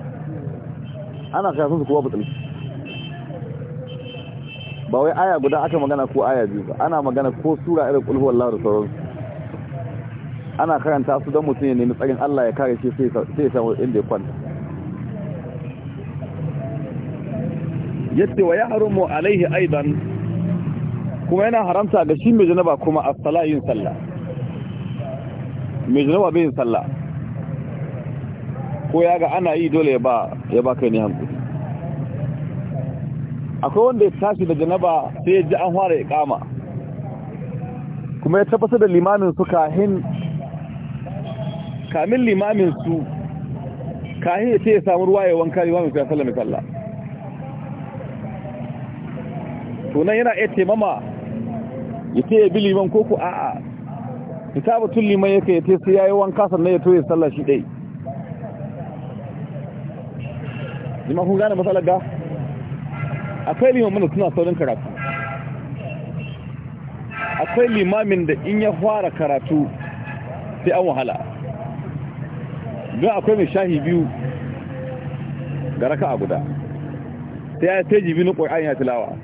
ana karatun su kowa butsalci ba wai aya guda aka magana ko aya biyu ba ana magana ko sura irin kulhuwar lardu sauransu ana karanta su don mutum ya nemi tsarin allah ya kare shi sai ya samu inda ya kwanta yadda wa ya mu alaihi aidan kuma yana haramta ga shi mai janaba kuma a yin sallah mai zunuba bai yin sallah ko ya ga ana yi dole ya ba kai ne hankali akwai wanda ya tashi da janaba sai ya ji an fara ya kama kuma ya tabbatar da limamin su kahin kamin limamin su kahin ya ce ya samu ruwa ya wanka limamin su ya sallami sallah tunan yana ce taimama ya ce ya bi liman koko a'a kitabu tulli mai yake ya tesa ya yi wanka sannan ya toye sallah shi ɗai jima kun gane matsalar ga akwai liman limamin suna saurin karatu akwai limamin da in ya fara karatu sai an wahala don akwai mai shahi biyu ga raka a guda sai ya teji biyu na ƙwai'an ya tilawa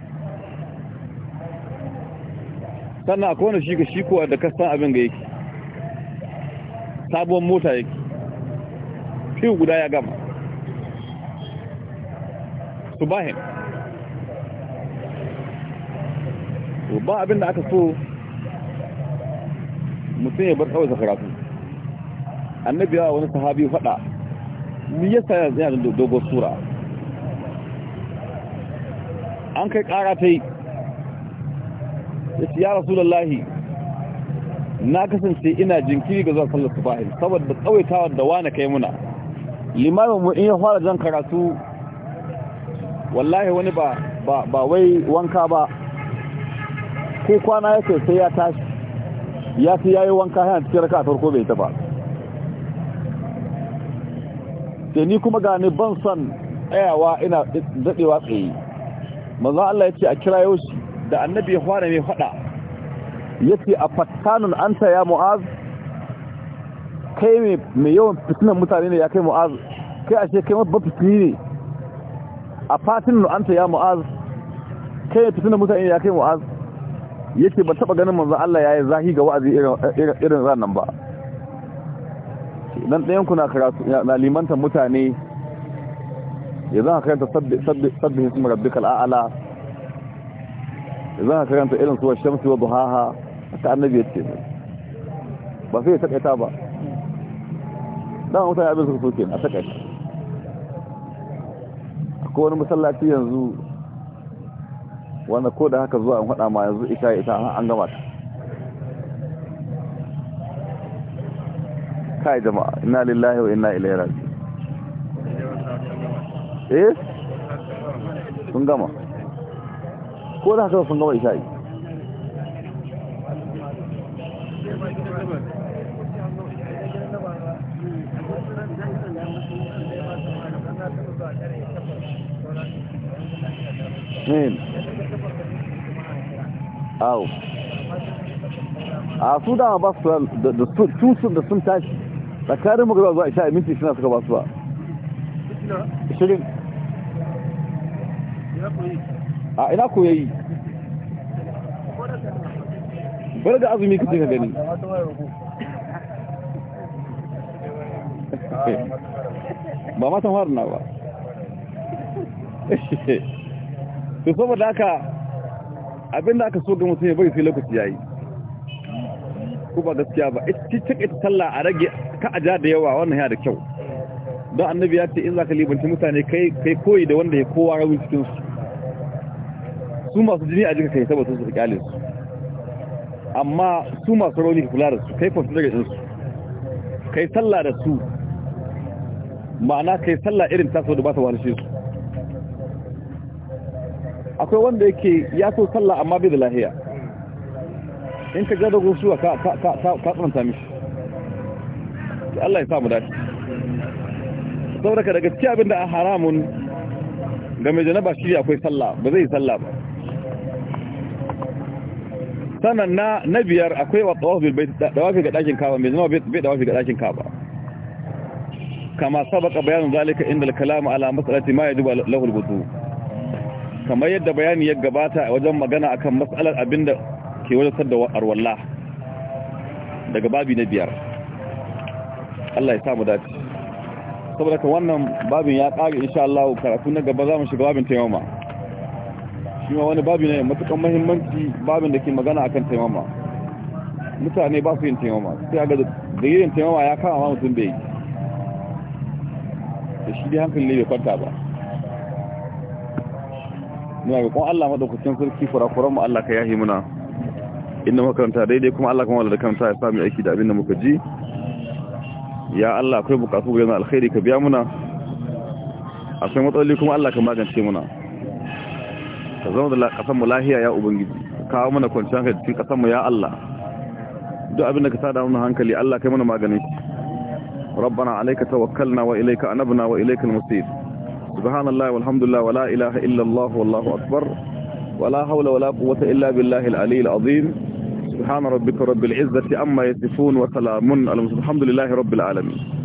sannan akwai wani shi ga shi kowa da kasan abin ga yake sabuwar mota yake fi guda ya gama su bahin ba abin da aka so mutum ya bar kawai sa karatu annabi ya wani sahabi faɗa ni yasa ya zai dogon sura an kai kara ta yi ya ya rasu lallahi na kasance ina jinkiri ga zuwa sallar subahin saboda tsawaitawa da wani kai muna limamin mu in ya fara jan karatu wallahi wani ba ba wai wanka ba ko kwana yake sai ya tashi ya fi yayi wanka yana cikin raka a farko bai ta ba sai ni kuma gane ban son tsayawa ina daɗewa tsaye manzo Allah ya ce a kirayo shi da annabi ya fara mai fada yace a fatanun anta ya mu'az kai mai yawan fitinan mutane ne ya kai mu'az kai ashe kai mabba fitini ne a fatinun anta ya mu'az kai mai fitinan mutane ne ya kai mu'az yace ba taba ganin manzan Allah yi zahi ga wa'azi irin irin ba nan ɗayan ku na karatu na limantar mutane ya zan karanta sabbin su marabbikal a'ala ya zan karanta irin suwa Shamsu wa buhaha haka annabi ya ce ba sai ya takaita ba dama mutane abin suka soke a takaita akwai wani masallaci yanzu wanda ko da haka zuwa an hada ma yanzu isha ita an gama ta kai jama'a ina lillahi wa ina ilaihi raji eh sun gama ko da haka sun gama yi. Oh. Ah, a su dama ba su da tutsun da sun tashi tsakanin magana zuwa isa minti suna suka ba su ba shirin a ina yayi. bari da azumi ka ka gani ba matan harin na ba to saboda haka abinda aka so ga mutum ya bari sai lokaci ya yi. ko ba gaskiya ba ita ita talla a rage ka aja da yawa wannan yana da kyau don annabi ya ce in za ka libanci mutane kai koyi da wanda ya kowa rawin cikin su su masu jini a jika kai saboda su kyalin su amma su masu rauni ka kula da su kai fasu daga su kai sallah da su ma'ana kai sallah irin taso da ba ta wani shi su akwai wanda yake ya so sallah amma bai da lahiya in ka gada gusuwa ka tsananta mishi Allah ya samu dashi saboda daga cikin abin da a haramun ga mai janaba shi akwai sallah ba zai sallah ba sannan na na biyar akwai wa tawafi bai wafi ga dakin kaba mai janaba bai da wafi ga dakin kaba kama sabaka bayanin zalika inda al-kalamu ala mas'alati ma yajibu lahu al-wudu' kamar yadda bayani ya gabata wajen magana akan matsalar abinda ke wajen da arwalla daga babi na biyar Allah ya samu dace saboda kan wannan babin ya kare insha Allah karatu na gaba za mu shiga babin taimama shi ma wani babi ne matukan muhimmanci babin da ke magana akan taimama mutane ba su yin taimama sai ga da yin taimama ya kama mutum bai da shi dai hankali ne bai kwanta ba muna roƙon Allah madaukakin sarki kurakuran mu Allah ka yahi muna inda makaranta daidai kuma Allah kuma da kanta ya sami aiki da abin da muka ji ya Allah akwai bukatu ga yana alkhairi ka biya muna sai matsaloli kuma Allah ka magance muna ka zama da kasan mu lahiya ya ubangiji kawo mana kwanciyar hankali cikin kasan mu ya Allah duk abin da ka sada mana hankali Allah kai mana maganin ربنا عليك توكلنا وإليك أنبنا وإليك المصير سبحان الله والحمد لله ولا إله إلا الله والله أكبر ولا حول ولا قوة إلا بالله العلي العظيم سبحان ربك رب العزة أما يصفون وسلام الحمد لله رب العالمين